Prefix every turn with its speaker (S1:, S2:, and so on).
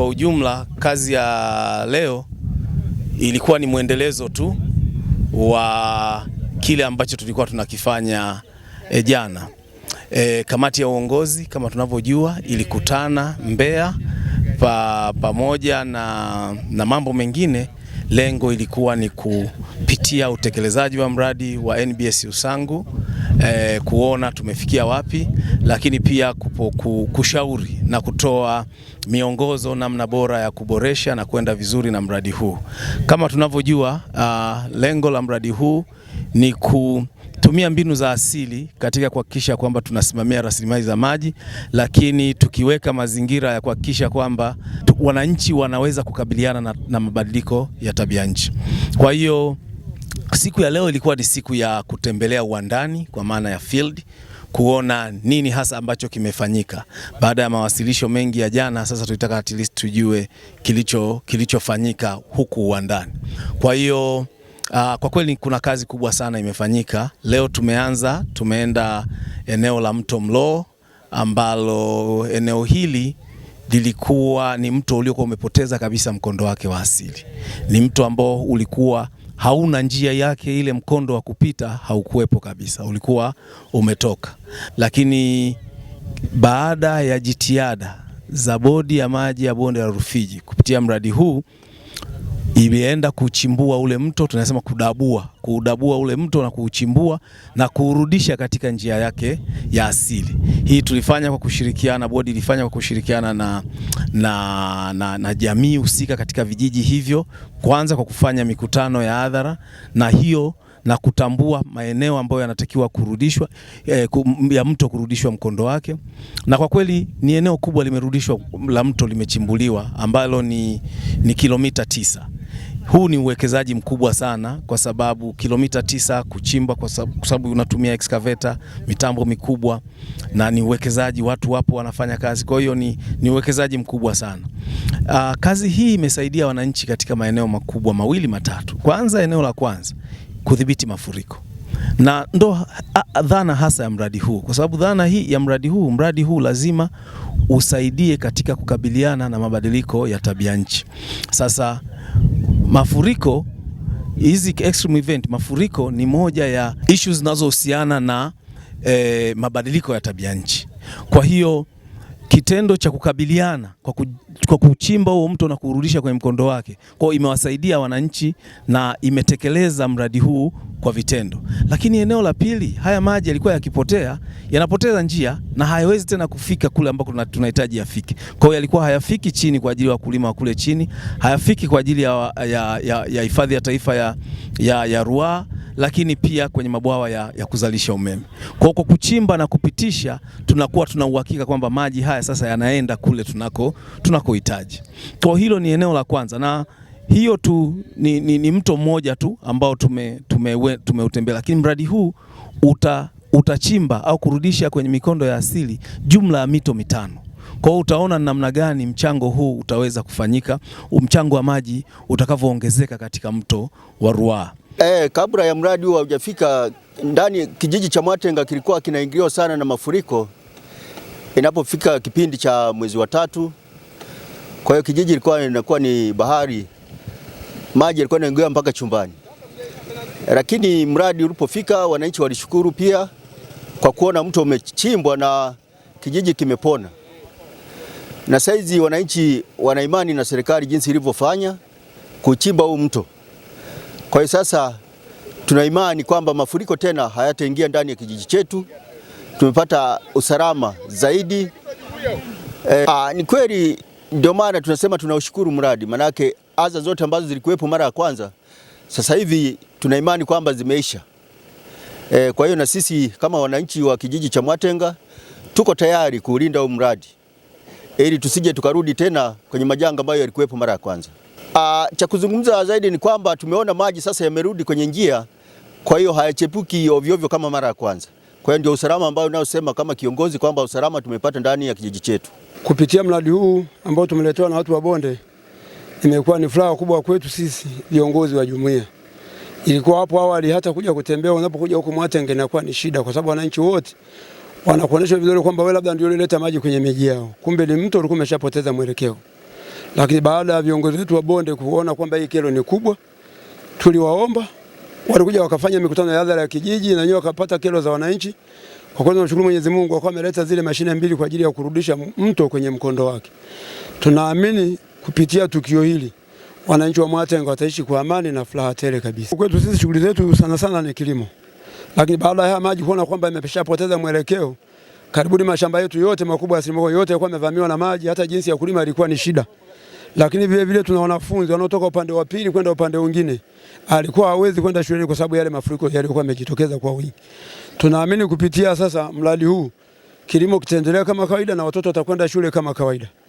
S1: Kwa ujumla kazi ya leo ilikuwa ni mwendelezo tu wa kile ambacho tulikuwa tunakifanya e, jana. E, kamati ya uongozi kama tunavyojua ilikutana Mbeya pamoja na, na mambo mengine. Lengo ilikuwa ni kupitia utekelezaji wa mradi wa NBS Usangu eh, kuona tumefikia wapi, lakini pia kupo, kushauri na kutoa miongozo namna bora ya kuboresha na kwenda vizuri na mradi huu. Kama tunavyojua, uh, lengo la mradi huu ni ku tumia mbinu za asili katika kuhakikisha kwamba tunasimamia rasilimali za maji, lakini tukiweka mazingira ya kuhakikisha kwamba wananchi wanaweza kukabiliana na, na mabadiliko ya tabia nchi. Kwa hiyo siku ya leo ilikuwa ni siku ya kutembelea uwandani kwa maana ya field kuona nini hasa ambacho kimefanyika baada ya mawasilisho mengi ya jana. Sasa tulitaka at least tujue kilicho kilichofanyika huku uwandani. Kwa hiyo uh, kwa kweli kuna kazi kubwa sana imefanyika leo. Tumeanza, tumeenda eneo la mto Mloo ambalo eneo hili lilikuwa ni mto uliokuwa umepoteza kabisa mkondo wake wa asili. Ni mto ambao ulikuwa hauna njia yake, ile mkondo wa kupita haukuwepo kabisa, ulikuwa umetoka. Lakini baada ya jitihada za bodi ya maji ya bonde la Rufiji kupitia mradi huu imeenda kuchimbua ule mto, tunasema kudabua, kuudabua ule mto na kuuchimbua na kuurudisha katika njia yake ya asili. Hii tulifanya kwa kushirikiana, bodi ilifanya kwa kushirikiana na, na, na, na jamii husika katika vijiji hivyo, kwanza kwa kufanya mikutano ya hadhara na hiyo na kutambua maeneo ambayo yanatakiwa kurudishwa eh, ya mto kurudishwa mkondo wake, na kwa kweli ni eneo kubwa limerudishwa la mto limechimbuliwa ambalo ni, ni kilomita tisa. Huu ni uwekezaji mkubwa sana kwa sababu kilomita tisa kuchimba, kwa sababu unatumia excavator, mitambo mikubwa, na ni uwekezaji, watu wapo wanafanya kazi. Kwa hiyo ni, ni uwekezaji mkubwa sana. Aa, ah, kazi hii imesaidia wananchi katika maeneo makubwa mawili matatu. Kwanza, eneo la kwanza kudhibiti mafuriko na ndo dhana hasa ya mradi huu, kwa sababu dhana hii ya mradi huu, mradi huu lazima usaidie katika kukabiliana na mabadiliko ya tabia nchi. Sasa mafuriko hizi extreme event, mafuriko ni moja ya issues zinazohusiana na eh, mabadiliko ya tabia nchi. Kwa hiyo kitendo cha kukabiliana kwa, ku, kwa kuchimba huo mto na kurudisha kwenye mkondo wake. Kwa imewasaidia wananchi na imetekeleza mradi huu kwa vitendo. Lakini eneo la pili, haya maji yalikuwa yakipotea, yanapoteza njia na hayawezi tena kufika kule ambako tunahitaji yafike. Kwa hiyo yalikuwa hayafiki chini kwa ajili ya wakulima wa kule chini, hayafiki kwa ajili ya hifadhi ya, ya, ya, ya taifa ya, ya, ya Ruaha lakini pia kwenye mabwawa ya, ya kuzalisha umeme. Kwa kwa kuchimba na kupitisha, tunakuwa tuna uhakika kwamba maji haya sasa yanaenda kule tunako tunakohitaji. Kwa hilo ni eneo la kwanza, na hiyo tu ni, ni, ni mto mmoja tu ambao tume, tume, tumeutembea, lakini mradi huu uta utachimba au kurudisha kwenye mikondo ya asili jumla ya mito mitano. Kwa hiyo utaona namna gani mchango huu utaweza kufanyika, mchango wa maji utakavyoongezeka katika mto wa Ruaha.
S2: Eh, kabla ya mradi huu haujafika ndani, kijiji cha Mwatenga kilikuwa kinaingiliwa sana na mafuriko inapofika kipindi cha mwezi wa tatu. Kwa hiyo kijiji ilikuwa inakuwa ni bahari, maji yalikuwa yanaingia mpaka chumbani, lakini mradi ulipofika wananchi walishukuru pia kwa kuona mto umechimbwa na kijiji kimepona, na saizi wananchi wana imani na serikali jinsi ilivyofanya kuchimba huu mto. Kwa hiyo sasa tuna imani kwamba mafuriko tena hayataingia ndani ya kijiji chetu, tumepata usalama zaidi. E, eh, a, ah, ni kweli ndio maana tunasema tunaushukuru mradi, manake adha zote ambazo zilikuwepo mara ya kwanza sasa hivi tuna imani kwamba zimeisha. E, kwa hiyo na sisi kama wananchi wa kijiji cha Mwatenga tuko tayari kuulinda huu mradi ili tusije tukarudi tena kwenye majanga ambayo yalikuwepo mara ya kwanza. Uh, cha kuzungumza zaidi ni kwamba tumeona maji sasa yamerudi kwenye njia, kwa hiyo hayachepuki ovyo ovyo kama mara ya kwanza. Kwa hiyo ndio usalama ambao unaosema kama kiongozi kwamba usalama tumepata ndani ya kijiji chetu
S3: kupitia mradi huu ambao tumeletewa na watu wa bonde. Imekuwa ni furaha kubwa kwetu sisi viongozi wa jumuiya. Ilikuwa hapo awali hata kuja kutembea, unapokuja huko Mwatenge inakuwa ni shida, kwa sababu wananchi wote wanakuonesha vizuri kwamba wewe labda ndio ulileta maji kwenye miji yao, kumbe ni mtu alikuwa ameshapoteza mwelekeo. Lakini baada ya viongozi wetu wa bonde kuona kwamba hii kero ni kubwa, tuliwaomba walikuja wakafanya mikutano ya hadhara ya kijiji na wenyewe wakapata kero za wananchi. Kwa kwanza tunashukuru Mwenyezi Mungu akawa ameleta zile mashine mbili kwa ajili ya kurudisha mto kwenye mkondo wake. Tunaamini kupitia tukio hili wananchi wa Mwatenga wataishi kwa amani na furaha tele kabisa. Kwetu sisi shughuli zetu sana sana ni kilimo, lakini baada ya maji kuona kwamba imeshapoteza mwelekeo, karibuni mashamba yetu yote makubwa, asilimia yote yalikuwa yamevamiwa na maji, hata jinsi ya kulima ilikuwa ni shida lakini vilevile tuna wanafunzi wanaotoka upande wa pili kwenda upande mwingine, alikuwa hawezi kwenda shuleni kwa sababu yale mafuriko yalikuwa yamejitokeza kwa wingi. Tunaamini kupitia sasa mradi huu kilimo kitaendelea kama kawaida na watoto watakwenda shule kama kawaida.